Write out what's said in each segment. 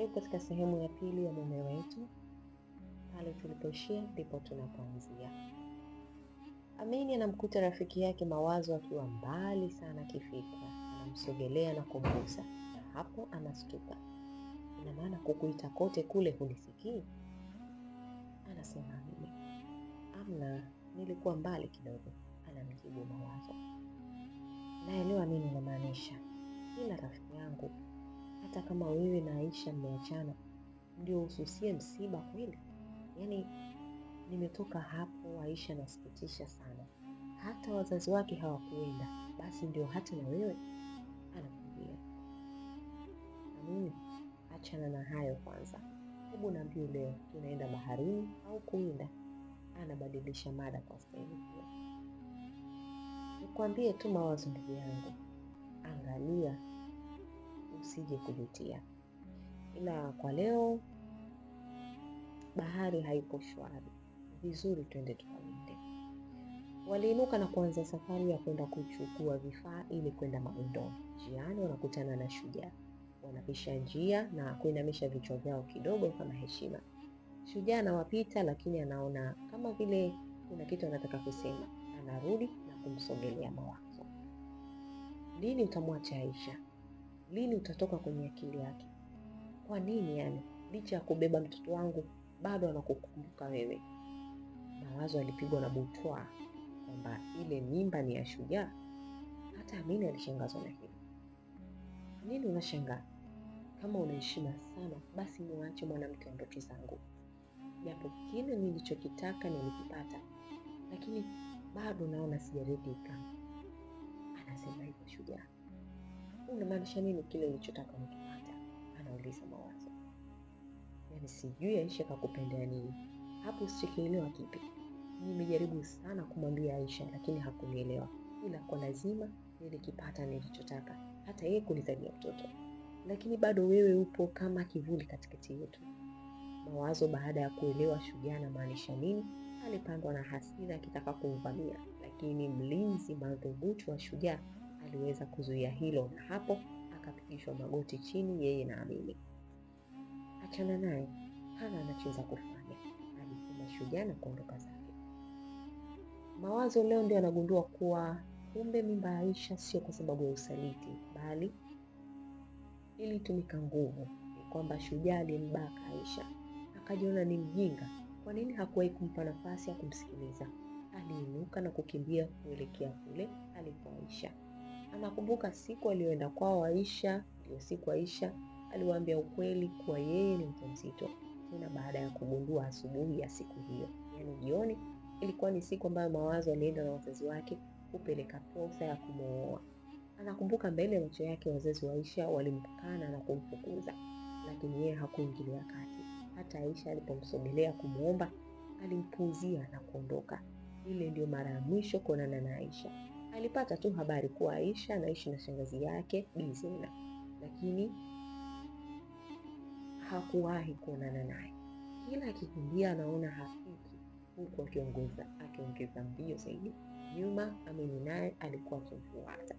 Karibu katika sehemu ya pili ya mume wetu. Pale tulipoishia ndipo tunapoanzia. Amini anamkuta rafiki yake Mawazo akiwa mbali sana kifikra, anamsogelea na kumgusa, na hapo anastuka. Ina maana kukuita kote kule hunisikii? Anasema Amini, amna, nilikuwa mbali kidogo, anamjibu Mawazo. Naelewa nini namaanisha, ila rafiki yangu hata kama wewe na Aisha mmeachana, ndio ususie msiba kweli? Yaani nimetoka hapo, Aisha nasikitisha sana, hata wazazi wake hawakuenda, basi ndio hata na wewe? Anakuambia Amini, achana na hayo kwanza, hebu naambie leo tunaenda baharini au kuinda? Anabadilisha mada kwa sehemu hiyo. Nikwambie tu mawazo ndugu yangu, angalia usije kujutia. Ila kwa leo bahari haipo shwari, vizuri twende tukalinde. Waliinuka na kuanza safari ya kwenda kuchukua vifaa ili kwenda mawindoni. Njiani wanakutana na shujaa, wanapisha njia na kuinamisha vichwa vyao kidogo kama heshima. Shujaa anawapita lakini anaona kama vile kuna kitu anataka kusema, anarudi na kumsogelea Mawazo. Lini utamwacha Aisha? lini utatoka kwenye akili yake? Kwa nini yani, licha ya kubeba mtoto wangu bado anakukumbuka wewe? Mawazo alipigwa na butwa kwamba ile mimba ni ya Shujaa. Hata Amina alishangazwa na hilo. Nini unashangaa? Kama unaheshima sana, basi niwaache mwanamke wa ndoto zangu, japo kile nilichokitaka nilikipata, lakini bado naona sijaridhika. Anasema hivyo Shujaa unamaanisha nini kile ulichotaka ukipata? Anauliza Mawazo. Yaani sijui Aisha kakupendea nini hapo, usichokielewa kipi? Nimejaribu sana kumwambia Aisha lakini hakunielewa, ila kwa lazima nilikipata nilichotaka, hata yeye kunizania mtoto, lakini bado wewe upo kama kivuli katikati yetu. Mawazo baada ya kuelewa shujaa anamaanisha nini, alipandwa na hasira akitaka kumvamia, lakini mlinzi madhubuti wa shujaa aliweza kuzuia hilo, na hapo akapigishwa magoti chini, yeye na Amini. Achana naye, hana anachoweza kufanya, alisema shujaa na kuondoka zake. Mawazo leo ndio anagundua kuwa kumbe mimba ya Aisha sio kwa sababu ya usaliti, bali ilitumika nguvu. Ni kwamba shujaa alimbaka Aisha akajiona ni mjinga. Kwa nini hakuwahi kumpa nafasi ya kumsikiliza? Aliinuka na kukimbia kuelekea kule alipo Aisha. Anakumbuka siku aliyoenda kwao Aisha, Ndio siku Aisha aliwaambia ukweli kuwa yeye ni mjamzito, tena baada ya kugundua asubuhi ya siku hiyo, yaani jioni. Ilikuwa ni siku ambayo Mawazo alienda na wazazi wake kupeleka posa ya kumwoa. Anakumbuka mbele ya macho yake wazazi wa Aisha walimkana na kumfukuza, lakini yeye hakuingilia kati. Hata Aisha alipomsogelea kumwomba, alimpuuzia na kuondoka. Ile ndio mara ya mwisho kuonana na Aisha. Alipata tu habari kuwa Aisha anaishi na shangazi yake Bi lakini hakuwahi kuonana naye. Kila akikimbia anaona hafiki, huku akiongeza akiongeza mbio zaidi. Nyuma Amini naye alikuwa akimfuata.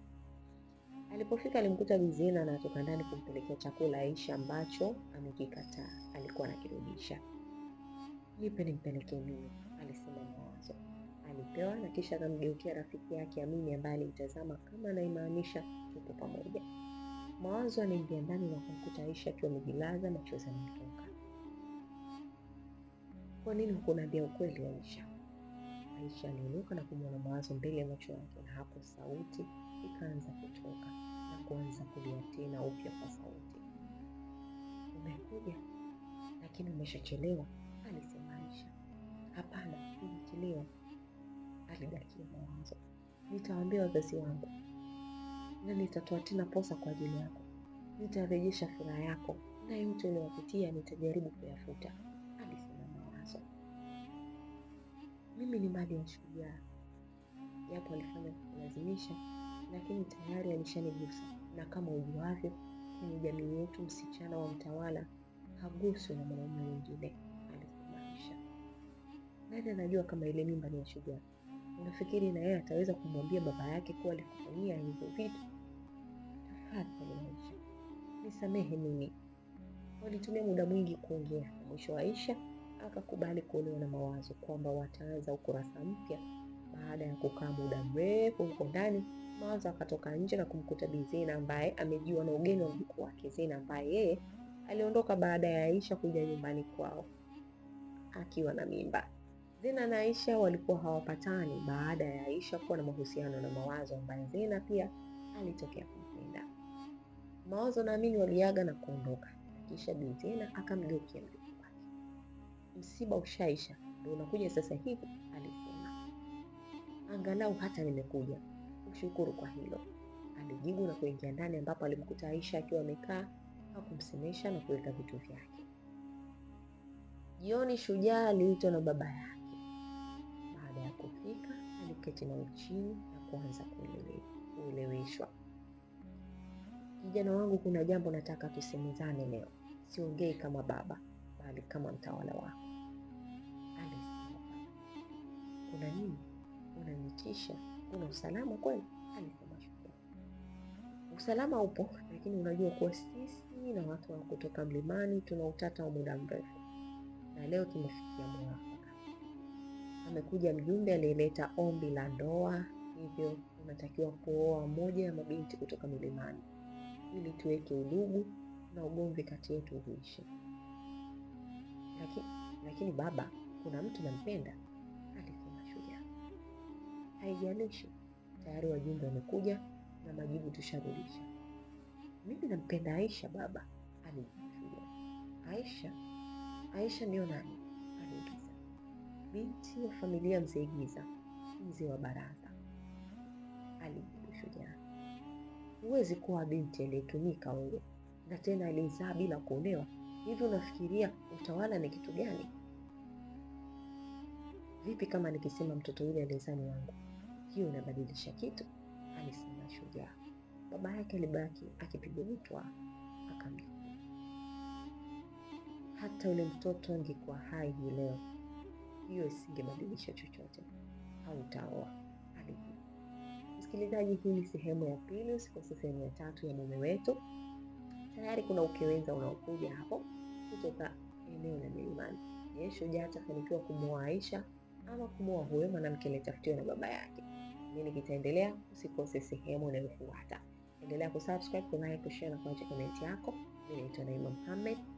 Alipofika alimkuta Bi anatoka ndani kumpelekea chakula Aisha ambacho amekikataa, alikuwa anakirudisha. Nipe nimpelekee mimi, alisema alipewa na kisha akamgeukia rafiki yake Amini ambaye alimtazama kama anaimaanisha tupo pamoja. Mawazo yanaingia ndani na kumkuta Aisha akiwa amejilaza machozi yanamtoka. Kwa nini hukuniambia ukweli Aisha? Aisha aliinuka na kumwona Mawazo mbele ya macho yake, na hapo sauti ikaanza kutoka na kuanza kulia tena upya kwa sauti. Umekuja lakini umeshachelewa, alisema Aisha. Hapana, sijachelewa alidakia mawazo. Nitawaambia wazazi wangu na nitatoa tena posa kwa ajili yako, nitarejesha furaha yako na yote uliyopitia nitajaribu kuyafuta, alisema mawazo. Mimi ni mali ya shujaa, japo alifanya kulazimisha, lakini tayari alishanigusa, na kama ujuavyo, kwenye jamii yetu msichana wa mtawala haguswi na mwanaume mwingine, alisimamisha. Nani anajua kama ile mimba ni ya shujaa? unafikiri na yeye ataweza kumwambia baba yake kuwa alikufanyia hivyo vitu? Tafadhali Aisha, nisamehe mimi. Walitumia muda mwingi kuongea. Mwisho Aisha akakubali kuolewa na mawazo kwamba wataanza ukurasa mpya. Baada ya kukaa muda mrefu huko ndani, mawazo akatoka nje na kumkuta Bi Zina ambaye amejiwa na ugeni wa mjukuu wake Zina ambaye yeye aliondoka baada ya Aisha kuja nyumbani kwao akiwa na mimba. Zena na Aisha walikuwa hawapatani baada ya Aisha kuwa na mahusiano na Mawazo ambaye Zena pia alitokea kumpenda. Mawazo naamini waliaga na kuondoka, kisha Bi Zena akamgeukia mjukuu wake. Msiba ushaisha, ndio unakuja sasa hivi, alisema. Angalau hata nimekuja, ushukuru kwa hilo, alijibu na kuingia ndani, ambapo alimkuta Aisha akiwa amekaa, hakumsemesha na kuweka vitu vyake. Jioni Shujaa aliitwa na baba yake kuketi naye chini na kuanza kueleweshwa. Kijana wangu, kuna jambo nataka tusemezane leo. Siongei kama baba, bali kama mtawala wako. Alisema, kuna nini? Unanitisha? Kuna usalama kweli? Alisema Shukuru, usalama upo, lakini unajua kuwa sisi na watu wa kutoka mlimani tuna utata wa muda mrefu, na leo tumefikia mwaka amekuja mjumbe aliyeleta ombi la ndoa, hivyo unatakiwa kuoa moja ya mabinti kutoka milimani ili tuweke udugu na ugomvi kati yetu uishe. Lakini, lakini baba, kuna mtu nampenda, alisema Shujaa. Haijalishi, tayari wajumbe wamekuja na majibu tusharudisha. Mimi nampenda Aisha baba, alijibu Shujaa. Aisha? Aisha ndio nani? alijibu binti wa familia mzee Giza, mzee wa baraza, alijibu shujaa. Huwezi kuwa binti aliyetumika wewe, na tena alizaa bila kuolewa. Hivyo unafikiria utawala ni kitu gani? Vipi kama nikisema mtoto yule alizaa ni wangu, hiyo inabadilisha kitu? alisema shujaa. Baba yake alibaki akipigwa butwa, akamjibu hata ule mtoto angekuwa hai leo hiyo isingebadilisha chochote, hautaoa. Alijibu. Msikilizaji, hii ni sehemu ya pili, usikose sehemu ya tatu ya mume wetu. Tayari kuna ukiweza unaokuja hapo kutoka eneo la milimani. Je, Shujaa atafanikiwa kumwoa Aisha ama kumwoa huyo mwanamke aliyetafutiwa na baba yake? Nini kitaendelea? Usikose sehemu inayofuata. Endelea kusubscribe, kulike, kushare na kuacha komenti yako. Mimi naitwa Naima Muhammad.